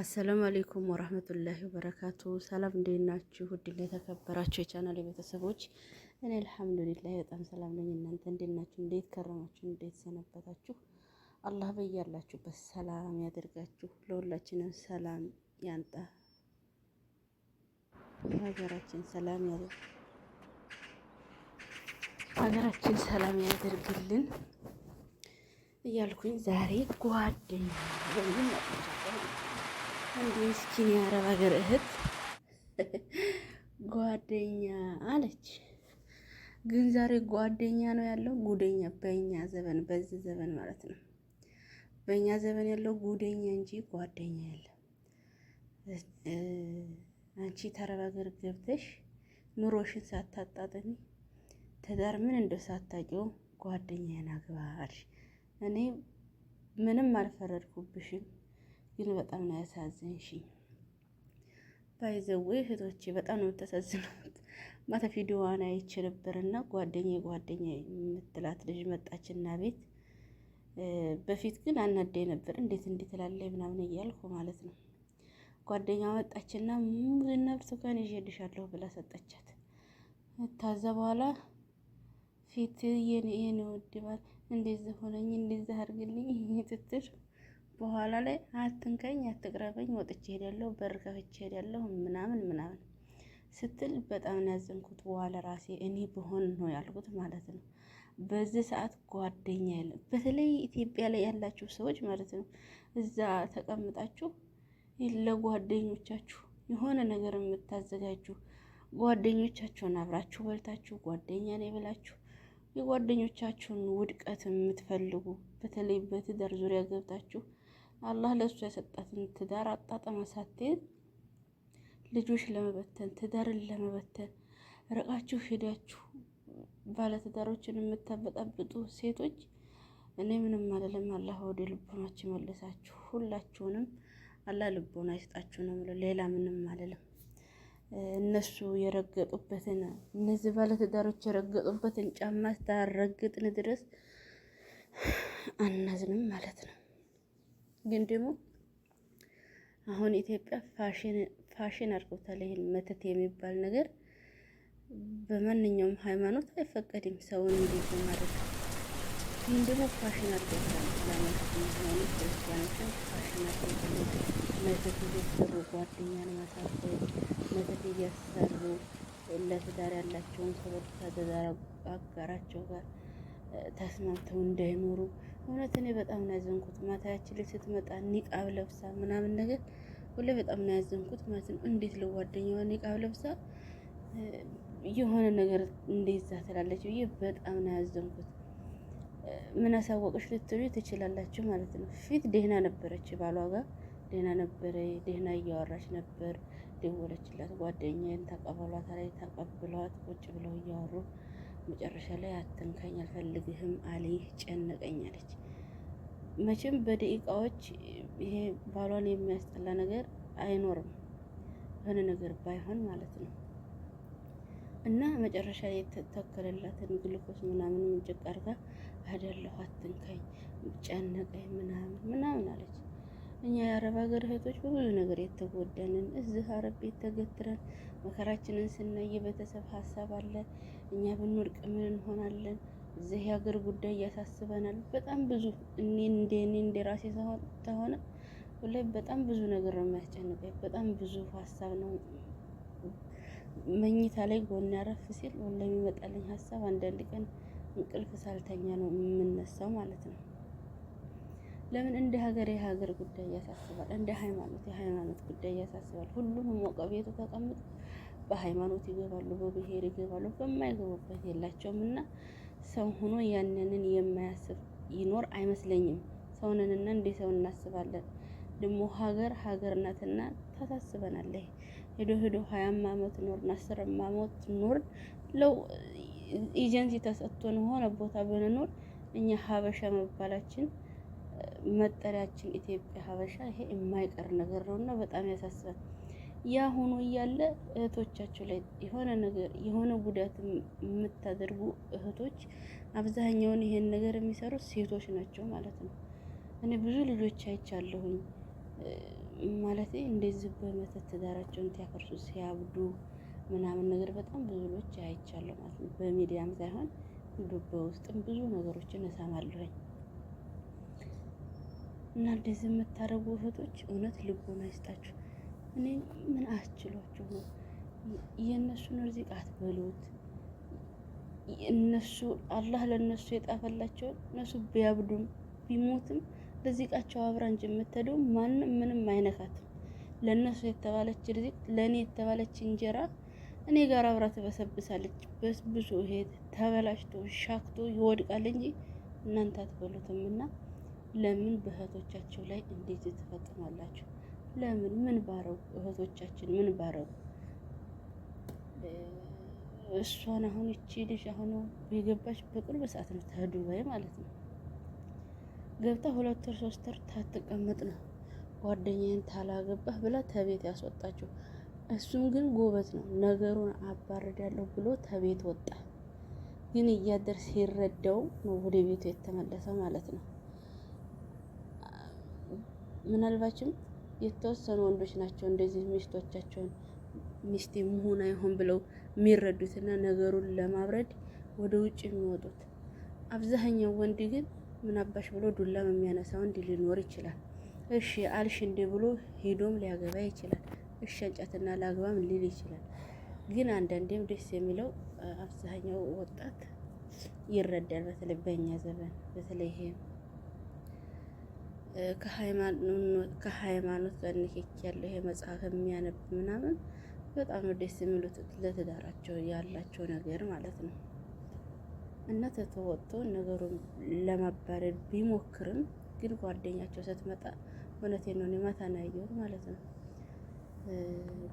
አሰላሙ አሌይኩም ወረህመቱላሂ ወበረካቱ። ሰላም እንዴት ናችሁ? ውድና የተከበራችሁ የቻናል የቤተሰቦች እኔ አልሐምዱሊላህ በጣም ሰላም ነኝ። እናንተ እንዴት ናችሁ? እንዴት ከረማችሁ? እንዴት ሰነበታችሁ? አላህ በያላችሁበት ሰላም ያደርጋችሁ። ለሁላችንም ሰላም ያንጣ፣ ሀገራችን ሰላም ሀገራችን ሰላም ያደርግልን እያልኩኝ ዛሬ ጓደኛ አንድ ምስኪን የአረብ ሀገር እህት ጓደኛ አለች። ግን ዛሬ ጓደኛ ነው ያለው ጉደኛ። በእኛ ዘመን በዚህ ዘመን ማለት ነው በእኛ ዘመን ያለው ጉደኛ እንጂ ጓደኛ የለም። አንቺ ተረብ ሀገር ገብተሽ ኑሮሽን ሳታጣጥሚ ትዳር ምን እንደው ሳታቂው ጓደኛዬን አግባ አልሽ። እኔ ምንም አልፈረድኩብሽም። ግን በጣም ነው ያሳዝንሽኝ። ባይዘዌ እህቶቼ በጣም ነው የምታሳዝኑት። ማታ ቪዲዮዋን አይቼ ነበርና ጓደኛ ጓደኛ የምትላት ልጅ መጣችና ቤት በፊት ግን አናዳይ ነበር። እንዴት እንድትላለይ ምናምን እያልኩ ማለት ነው። ጓደኛ መጣችና ሙዝና ብርቱካን ይዤልሻለሁ ብላ ሰጠቻት። ታዛ በኋላ ፊት የኔ የኔ ወድባል እንደዚህ ሆነኝ እንደዚህ አድርግልኝ ይሄ ትትር በኋላ ላይ አትንከኝ አትቅረበኝ፣ ወጥቼ ሄዳለሁ፣ በር ከፍቼ ሄዳለሁ ምናምን ምናምን ስትል በጣም ነው ያዘንኩት። በኋላ ራሴ እኔ በሆን ነው ያልኩት ማለት ነው። በዚህ ሰዓት ጓደኛ የለም። በተለይ ኢትዮጵያ ላይ ያላችሁ ሰዎች ማለት ነው እዛ ተቀምጣችሁ ለጓደኞቻችሁ የሆነ ነገር የምታዘጋጁ ጓደኞቻችሁን አብራችሁ በልታችሁ ጓደኛ ነው ብላችሁ የጓደኞቻችሁን ውድቀት የምትፈልጉ በተለይ በትዳር ዙሪያ ገብታችሁ አላህ ለእሷ የሰጣትን ትዳር አጣጠማ ሳትሄድ ልጆች ለመበተን ትዳርን ለመበተን ርቃችሁ ሄዳችሁ ባለትዳሮችን የምታበጣብጡ ሴቶች እኔ ምንም አልልም። አላህ ወደ ልቦናችሁ መለሳችሁ። ሁላችሁንም አላህ ልቦና ይስጣችሁ ነው የምለው። ሌላ ምንም አልልም። እነሱ የረገጡበትን እነዚህ ባለትዳሮች የረገጡበትን ጫማ ስታረግጥን ድረስ አናዝንም ማለት ነው። ግን ደግሞ አሁን ኢትዮጵያ ፋሽን አድርጎታል። ይሄን መተት የሚባል ነገር በማንኛውም ሃይማኖት አይፈቀድም ሰውን እንዴት ማድረግ ግን ደግሞ ፋሽን አድርጎታል። ለማለት ነው ክርስቲያኖችን ፋሽን አድርጎታል። መተት እየሰሩ ጓደኛን ማሳፈር፣ መተት እያሰሩ ለትዳር ያላቸውን ሰዎች ከትዳር አጋራቸው ጋር ተስማምተው እንዳይኖሩ እውነት እኔ በጣም ነው ያዘንኩት። ማታ ያቺ ልጅ ስትመጣ ኒቃብ ለብሳ ምናምን ነገር ሁለ በጣም ነው ያዘንኩት ማለት ነው። እንዴት ለጓደኛዋ ኒቃብ ለብሳ የሆነ ነገር እንዴት ትላለች ብዬ በጣም ነው ያዘንኩት። ምን አሳወቅሽ ልትሉ ትችላላችሁ ማለት ነው። ፊት ደህና ነበረች፣ ባሏ ጋር ደህና ነበረ፣ ደህና እያወራች ነበር። ደወለችላት ጓደኛዬን፣ ተቀበሏት አለች። ቁጭ ብለው እያወሩ መጨረሻ ላይ አትንካኝ፣ አልፈልግህም አለይህ ጨነቀኝ አለች። መቼም በደቂቃዎች ይሄ ባሏን የሚያስጠላ ነገር አይኖርም፣ የሆነ ነገር ባይሆን ማለት ነው። እና መጨረሻ ላይ የተተከለላትን ግልኮስ ምናምን ምንጭቅ አርጋ አደለሁ፣ አትንካኝ፣ ጨነቀኝ ምናምን ምናምን አለች። እኛ የአረብ ሀገር እህቶች በብዙ ነገር የተጎዳንን እዚህ አረብ ቤት ተገትረን መከራችንን ስናይ የቤተሰብ ሀሳብ አለ። እኛ ብንወድቅ ምን እንሆናለን? እዚህ የሀገር ጉዳይ ያሳስበናል በጣም ብዙ እኔ እንደ እኔ እንደ ራሴ ተሆነ ሁላይ በጣም ብዙ ነገር ነው የሚያስጨንቀኝ። በጣም ብዙ ሀሳብ ነው። መኝታ ላይ ጎን ያረፍ ሲል ሁላ የሚመጣልኝ ሀሳብ አንዳንድ ቀን እንቅልፍ ሳልተኛ ነው የምነሳው ማለት ነው። ለምን እንደ ሀገር የሀገር ጉዳይ ያሳስባል፣ እንደ ሃይማኖት የሃይማኖት ጉዳይ ያሳስባል። ሁሉም ሞቀ ቤቱ ተቀምጦ በሃይማኖት ይገባሉ፣ በብሔር ይገባሉ፣ በማይገቡበት የላቸውም። እና ሰው ሆኖ ያንንን የማያስብ ይኖር አይመስለኝም። ሰውንንና እንደ ሰው እናስባለን። ደግሞ ሀገር ሀገር ናትና ታሳስበናለህ። ሄዶ ሄዶ ሀያም አመት ኖርን፣ አስርም አመት ኖርን፣ ለው ኤጀንሲ ተሰጥቶን ሆነ ቦታ ብንኖር እኛ ሀበሻ መባላችን መጠሪያችን ኢትዮጵያ ሀበሻ፣ ይሄ የማይቀር ነገር ነው እና በጣም ያሳስባል። ያ ሆኖ እያለ እህቶቻችሁ ላይ የሆነ ነገር የሆነ ጉዳት የምታደርጉ እህቶች አብዛኛውን ይሄን ነገር የሚሰሩት ሴቶች ናቸው ማለት ነው። እኔ ብዙ ልጆች አይቻለሁኝ ማለት እንደዚህ በመተት ትዳራቸውን ሲያፈርሱ ሲያብዱ ምናምን ነገር በጣም ብዙ ልጆች አይቻለሁ ማለት ነው። በሚዲያም ሳይሆን ዱባ ውስጥም ብዙ ነገሮችን እሰማለሁኝ። እና እንደዚህ የምታደርጉ እህቶች እውነት ልቦና ይስጣችሁ። እኔ ምን አስችሏችሁ ነው? የእነሱን ርዚቅ አትበሉት። እነሱ አላህ ለእነሱ የጣፈላቸውን እነሱ ቢያብዱም ቢሞትም ርዚቃቸው አብራ እንጂ የምትሄደው ማንም ምንም አይነካትም። ለእነሱ የተባለች ርዚቅ ለእኔ የተባለች እንጀራ እኔ ጋር አብራ ትበሰብሳለች። በስብሶ ሄድ ተበላሽቶ ሻክቶ ይወድቃል እንጂ እናንተ አትበሉትም። እና ለምን በእህቶቻቸው ላይ እንዴት ትፈጽማላችሁ? ለምን ምን ባረው? እህቶቻችን ምን ባረው? እሷን አሁን እቺ ልጅ አሁን የገባች በቅርብ ሰዓት ነው ተዱባይ ማለት ነው። ገብታ ሁለት ወር ሶስት ወር ታትቀምጥ ነው ጓደኛዬን ታላገባህ ብላ ተቤት ያስወጣችው። እሱም ግን ጎበዝ ነው ነገሩን አባርዳለሁ ብሎ ተቤት ወጣ። ግን እያደር ሲረዳው ነው ወደ ቤቱ የተመለሰ ማለት ነው ምናልባችም የተወሰኑ ወንዶች ናቸው እንደዚህ ሚስቶቻቸውን ሚስቴ መሆን አይሆን ብለው የሚረዱትና ነገሩን ለማብረድ ወደ ውጭ የሚወጡት። አብዛኛው ወንድ ግን ምን አባሽ ብሎ ዱላም የሚያነሳ ወንድ ሊኖር ይችላል። እሺ አልሽ እንዴ ብሎ ሄዶም ሊያገባ ይችላል። እሺ እንጨትና ላግባም ሊል ይችላል። ግን አንዳንዴም ደስ የሚለው አብዛኛው ወጣት ይረዳል። በተለይ በእኛ ዘመን በተለይ ይሄ ከሃይማኖት ጋር ንክኪ ያለው ይሄ መጽሐፍ የሚያነብ ምናምን በጣም ደስ የሚሉት ለትዳራቸው ያላቸው ነገር ማለት ነው። እና ተተወጥቶ ነገሩን ለማባረድ ቢሞክርም ግን ጓደኛቸው ስትመጣ እውነቴ ነው ማታ ናየው ማለት ነው።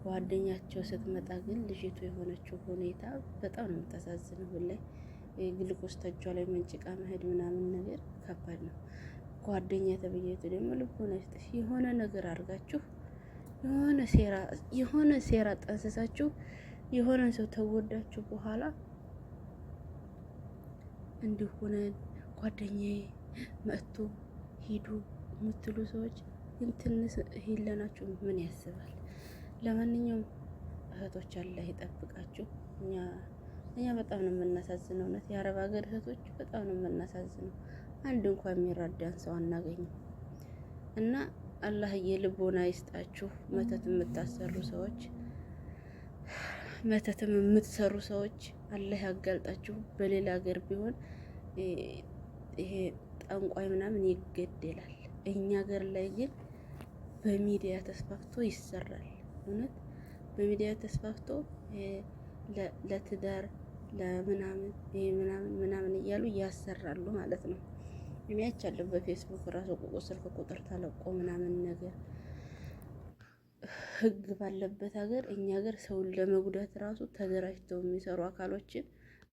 ጓደኛቸው ስትመጣ ግን ልጅቱ የሆነችው ሁኔታ በጣም ነው የምታሳዝነው። ሁላ ግልቆስ ተጇ ላይ መንጭቃ መሄድ ምናምን ነገር ከባድ ነው። ጓደኛ ተብዬቱ ደግሞ ልቦና ይስጥሽ። የሆነ ነገር አድርጋችሁ የሆነ ሴራ የሆነ ሴራ ጠንስሳችሁ የሆነን ሰው ተወዳችሁ በኋላ እንዲሆነን ጓደኛዬ መጥቶ ሂዱ የምትሉ ሰዎች ትንሽ ሄለናችሁ ምን ያስባል? ለማንኛውም እህቶች አላህ ይጠብቃችሁ። እኛ እኛ በጣም ነው የምናሳዝነው። እውነት የአረብ ሀገር እህቶች በጣም ነው የምናሳዝነው። አንድ እንኳን የሚራዳን ሰው አናገኝም። እና አላህዬ ልቦና ይስጣችሁ። መተት የምታሰሩ ሰዎች፣ መተትም የምትሰሩ ሰዎች አላህ ያጋልጣችሁ። በሌላ ሀገር ቢሆን ይሄ ጠንቋይ ምናምን ይገደላል። እኛ ሀገር ላይ ግን በሚዲያ ተስፋፍቶ ይሰራል። እውነት በሚዲያ ተስፋፍቶ ለትዳር ለምናምን ምናምን ምናምን እያሉ ያሰራሉ ማለት ነው። የሚያቻለው በፌስቡክ ራሱ ቁቁ ስልክ ቁጥር ተለቆ ምናምን ነገር ህግ ባለበት ሀገር እኛ ሀገር ሰውን ለመጉዳት ራሱ ተደራጅተው የሚሰሩ አካሎችን